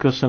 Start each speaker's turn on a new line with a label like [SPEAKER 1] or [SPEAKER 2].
[SPEAKER 1] Köszönöm.